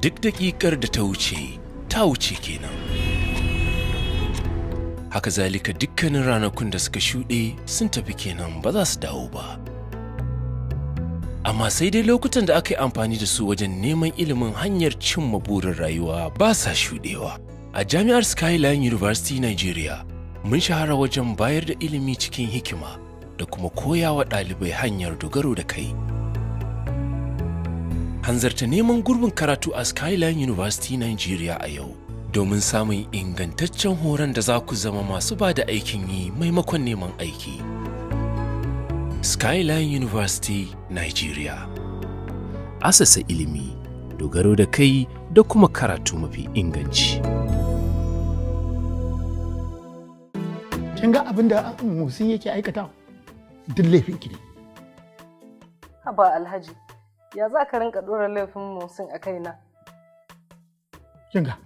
duk daƙiƙar da ta wuce ta wuce kenan haka zalika dukkanin ranakun da suka shuɗe sun tafi kenan ba za su dawo ba amma sai dai lokutan da aka yi amfani da su wajen neman ilimin hanyar cimma burin rayuwa ba sa shuɗewa a jami'ar skyline university nigeria mun shahara wajen bayar da ilimi cikin hikima da kuma koyawa ɗalibai hanyar dogaro da kai. hanzarta neman gurbin karatu a Skyline University Nigeria a yau domin samun ingantaccen horon da za ku zama masu ba da aikin yi maimakon neman aiki. Skyline University Nigeria Asasa ilimi, dogaro da kai da kuma karatu mafi inganci. Kin ga abin da Musin yake aikata duk laifin ne. Haba Alhaji. ya za ka rinka ɗora laifin musin a kaina kinga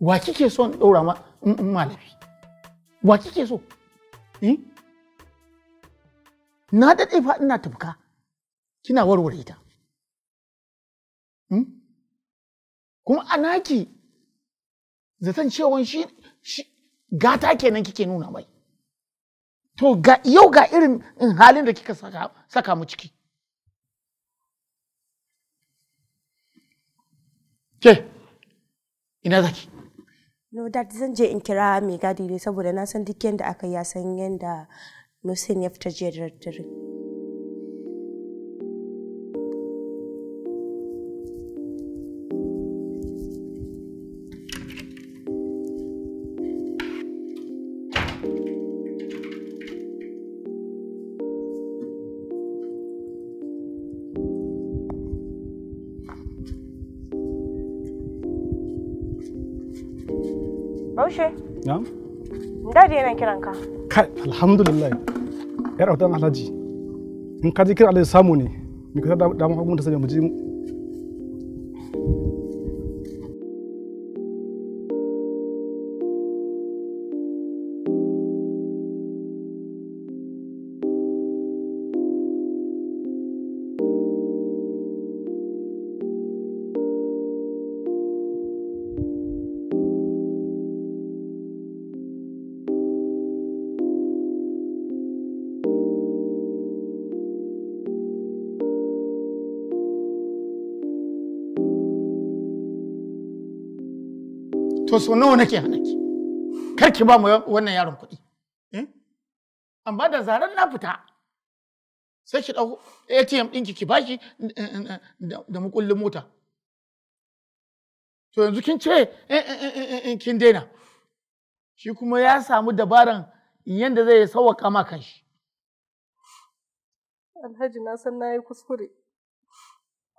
wa kike so in ɗora ma in malafi, wa kike so eh? na daɗe fa ina tafka kina warware ta hmm? kuma a naki zaton cewa shi gata kenan kike nuna mai to yau ga irin halin da kika saka mu ciki Ke, ina zaki? No, dad zan je in kira mai gadi ne saboda na san duk yadda aka yi ya san yadda Musin ya fita jiya da daddare. Bahaushe. Na'am. Dadi yana kiran ka. Kai, alhamdulillah. Yar autan Alhaji. In ka ji kira Allah ya samu ne. Mu ka da mu hakunta sai mu ji to so nawa nake hana kar ki ba mu wannan yaron kuɗi eh? amma da zarar na fita sai ki ɗau atm din ki bashi eh, eh, da mukullin mota to yanzu kin ce kin daina shi kuma ya samu dabaran yadda zai sauka kama kanshi alhaji na san na yi kuskure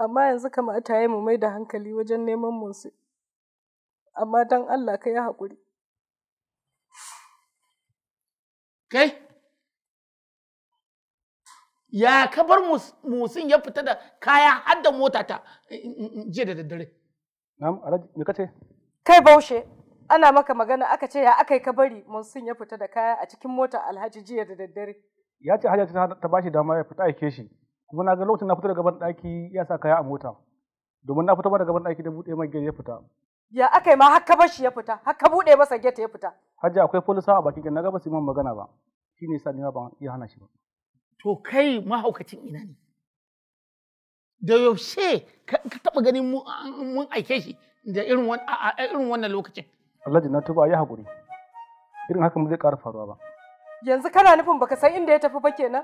amma yanzu kamata ya mu mai da hankali wajen neman motsi amma don Allah ka yi haƙuri. Kai, ya kabar musin ya fita da kaya har da motata eh, eh, eh, jiya da daddare. Na'am, Alhaji, me kace? Kai Baushe, ana maka magana aka ce ya aka yi kabari musin ya fita da kaya a cikin mota Alhaji jiya da daddare. Ya ce Alhaji ta bashi dama ya fita aike shi. Kuma na ga lokacin na fito daga ban ɗaki ya sa kaya a mota. Domin na fito ba daga ban ɗaki da buɗe mai ya fita. Ya aka yi ma haka bar shi ya fita, haka bude masa geta ya fita. Hajji akwai polisa a bakin na ga ba su magana ba. shine yasa sa ni ba iya hana shi ba. To kai mahaukacin ina ne? Da yaushe ka taɓa ganin mun aike shi da irin wannan lokacin. Alhaji na tuba ya haƙuri. Irin haka mu zai ƙara faruwa ba. Yanzu kana nufin baka san inda ya tafi ba kenan?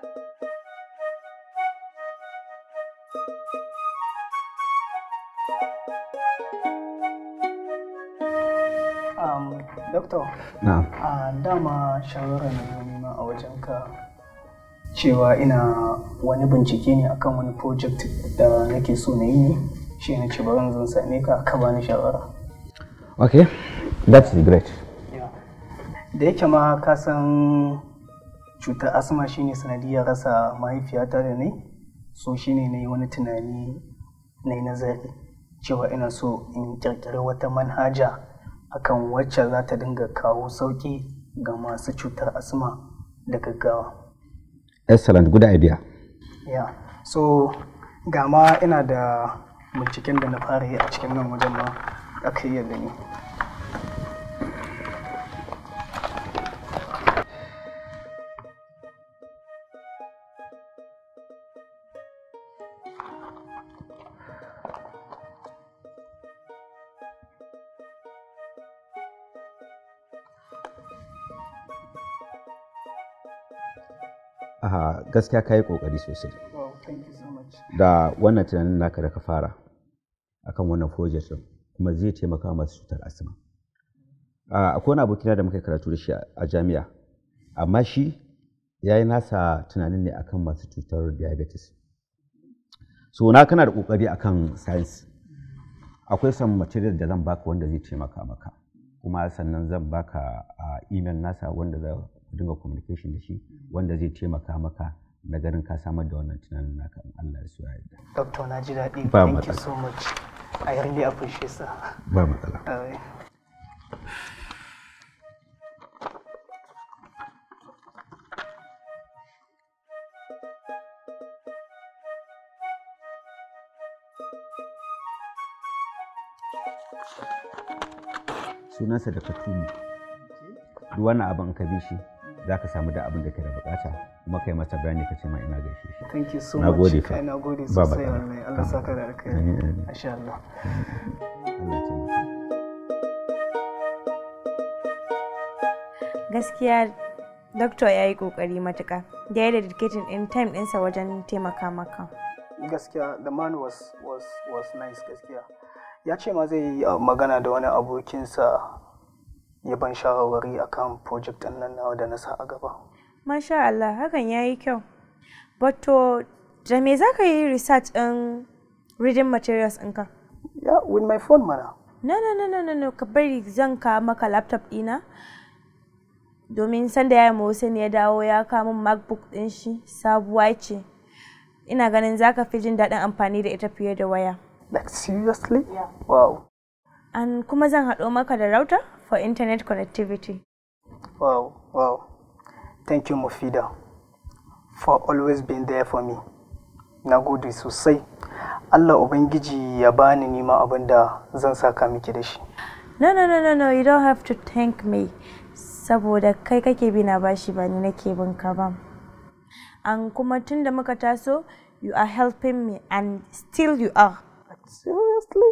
dama shawara na nema a wajen ka cewa ina wani bincike ne akan wani project da nake so na yi shi na ce bari zan same ka ka bani shawara okay that's great da yake ma ka san cutar asma shine sanadiyar rasa mahaifiyata da ne so shine na yi wani tunani na yi nazari cewa ina so in kirkiri wata manhaja akan wacce za ta dinga kawo sauƙi ga masu cutar asma da gaggawa. excellent good idea yeah so gama ina da binciken da na fara yi a cikin nan wajen ma aka yi yadda ni Aha, gaskiya ka yi ƙoƙari sosai da wannan tunanin naka da ka fara akan wannan project din kuma zai taimaka masu cutar asma akwai wani abokina da muka karatu da shi a jami'a amma shi ya yi nasa tunanin ne akan masu cutar diabetes so na kana da ƙoƙari akan science akwai san material da zan baka wanda zai taimaka maka kuma sannan zan baka a email nasa wanda ku dinga communication da shi wanda zai taimaka maka na garin ka samar da wannan tunanin naka in Allah ya so ya yarda. Doctor na ji daɗi. Ba matsala. Thank you so much. I really appreciate sa. Ba matsala. Sunansa da Katuni. Duk wani abin ka bi shi za ka samu da abin da ke da bukata kuma kai masa bayani ka ce ma ina ga shi thank you so much kai na gode sosai wallahi Allah saka da alkhairi insha Allah gaskiya doctor ya yi kokari matuka da ya dedicating in time ɗinsa wajen taimaka maka gaskiya the man was was was nice gaskiya ya ce ma zai yi uh, magana da wani abokinsa ya ban shawarwari akan project ɗin nan nawa da na sa a gaba. Masha Allah hakan ya yi kyau. Bato da me za ka yi research in reading materials ɗinka? Ya, yeah, with my phone mana. Na na, na, na, na, na, ka bari zan ka maka laptop ɗina. Domin sanda ya yi Hussein ya dawo ya kama MacBook ɗin shi sabuwa ce. Ina ganin za ka fi jin daɗin amfani da ita fiye da waya. Like seriously? Yeah. Wow. An kuma zan haɗo maka da router? for internet connectivity. Wow, wow. Thank you, Mufida, for always being there for me. Na gode sosai. Allah Ubangiji ya bani nima abin da zan saka miki da shi. No, no, no, no, no, you don't have to thank me. Saboda kai kake bi na bashi ba ni nake bin ka ba. An kuma tun da muka taso, you are helping me and still you are. Seriously?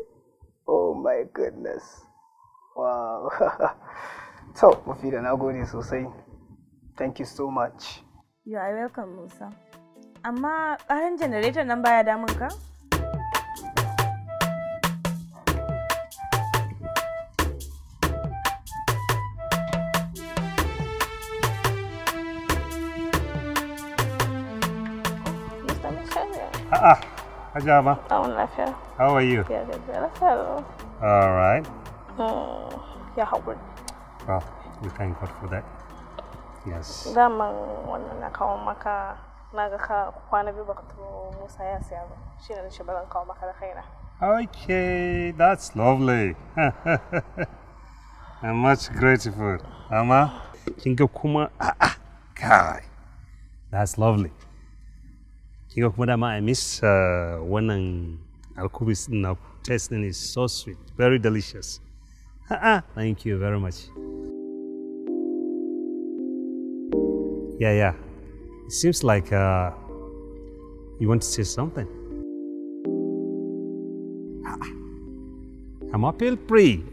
Oh my goodness. wow So, to mafida na gode sosai thank you so much you are welcome musa amma ƙarin generator nan baya damun ka Ah, ah. Hajama. I'm Lafia. How are you? Yeah, good. All right. Mm. Ya haƙuri. Wow, we thank God for that. Yes. Daman wannan na kawo maka na ga ka kwana biyu baka turo Musa ya siya ba. Shi ne shi bazan kawo maka da kaina. Okay, that's lovely. I'm much grateful. Amma? Kin ga kuma a'a ah, ah, kai. That's lovely. Kin ga kuma dama I miss uh, wannan alkubis din na taste din is so sweet, very delicious. Thank you very much. Yeah, yeah. It seems like uh, you want to say something. Amma, feel free.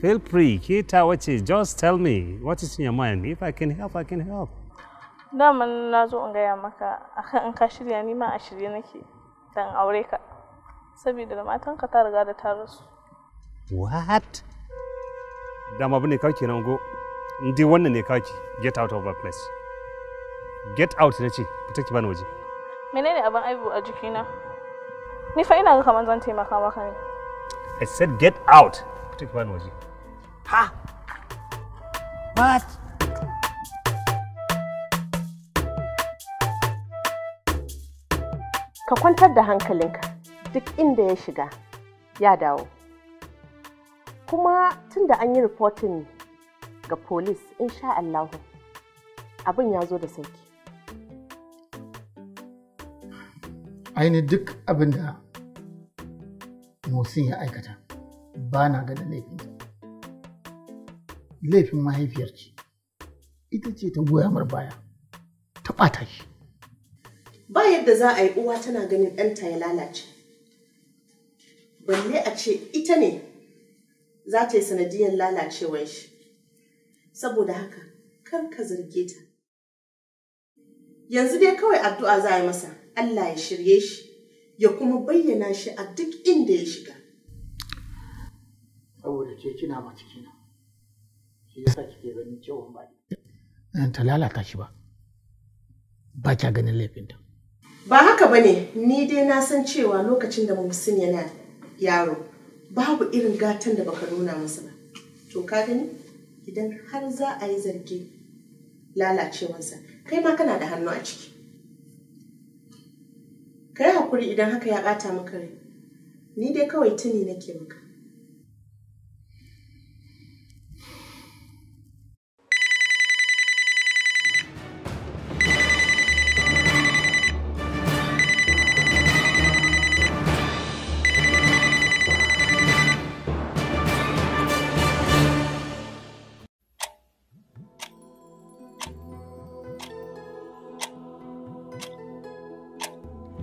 Feel free. Kita wace, just tell me what is in your mind. If I can help, I can help. Daman na zo in gaya maka akan in ka shirya ni ma a shirye nake dan aure ka. Saboda matanka ta riga da ta rasu. What? dama bane kaki nan go in dai wannan ne kaki get out of my place get out na ce fita ki bani waje menene abin aibu a jikina ni fa ina ga kamar zan taimaka maka ne i said get out fita ki bani waje ha what ka kwantar da hankalinka duk inda ya shiga ya dawo kuma tun da an yi reporting ga polis sha Allahu abin ya zo da sauki aini duk abin da Musin ya aikata ba na gada laifin laifin mahaifiyar ita ce ta goya mar baya ta ɓata shi ba yadda za a yi uwa tana ganin ɗanta ya lalace balle a ce ita ne za ta yi sanadiyar lalacewar shi saboda haka kar ka zarge ta yanzu dai kawai addu'a za a yi masa Allah ya shirye shi ya kuma bayyana shi a duk inda ya shiga saboda ke kina mace kina shi yasa kike ganin cewa ba eh, ta lalata shi ba ba kya ganin laifinta ba haka bane ni dai na san cewa lokacin da muhsin yana yaro babu irin gatan da baka nuna masa ba to ka gani idan har za a yi zargi lalacewansa kai ma kana da hannu a ciki ka hakuri idan haka ya ɓata maka rai ni dai kawai tuni nake maka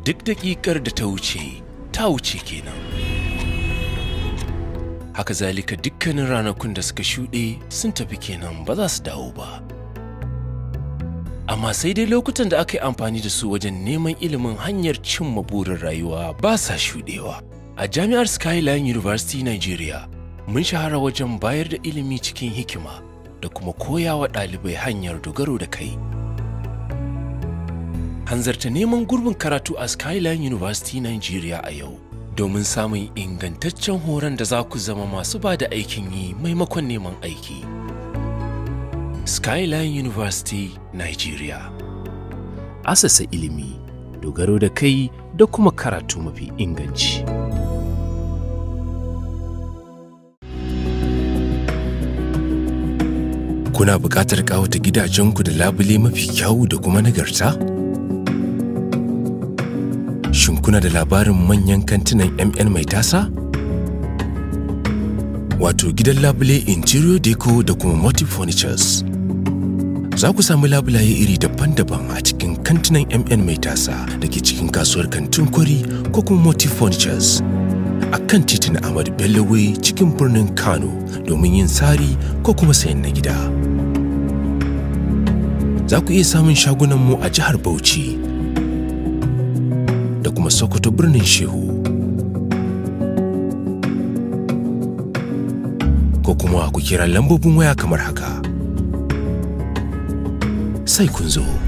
duk daƙiƙar da ta wuce ta wuce kenan haka zalika dukkanin ranakun da suka shuɗe sun tafi kenan ba za su dawo ba amma sai dai lokutan da aka yi amfani da su wajen neman ilimin hanyar cimma burin rayuwa ba sa shuɗewa a jami'ar skyline university nigeria mun shahara wajen bayar da ilimi cikin hikima da kuma koyawa ɗalibai hanyar dogaro da kai. hanzarta neman gurbin karatu a Skyline University Nigeria a yau domin samun ingantaccen horon da za ku zama masu ba da aikin yi maimakon neman aiki. Skyline University Nigeria Asasa ilimi, dogaro da kai da kuma karatu mafi inganci. Kuna buƙatar ƙawata gidajenku da labule mafi kyawu da kuma nagarta? Shin kuna da labarin manyan kantinan MN mai tasa? Wato gidan labule Interior Deco da kuma Motive Furnitures. Za ku sami labulaye iri daban-daban a cikin kantinan MN mai tasa da ke cikin kasuwar kantin kwari ko kuma Motive Furnitures. a kan titin Ahmadu Bello cikin birnin Kano domin yin tsari ko kuma sayan na gida. Za ku iya samun shagunanmu a jihar Bauchi da kuma Sokoto birnin Shehu. Ko kuma ku kira lambobin waya kamar haka. Sai kun zo.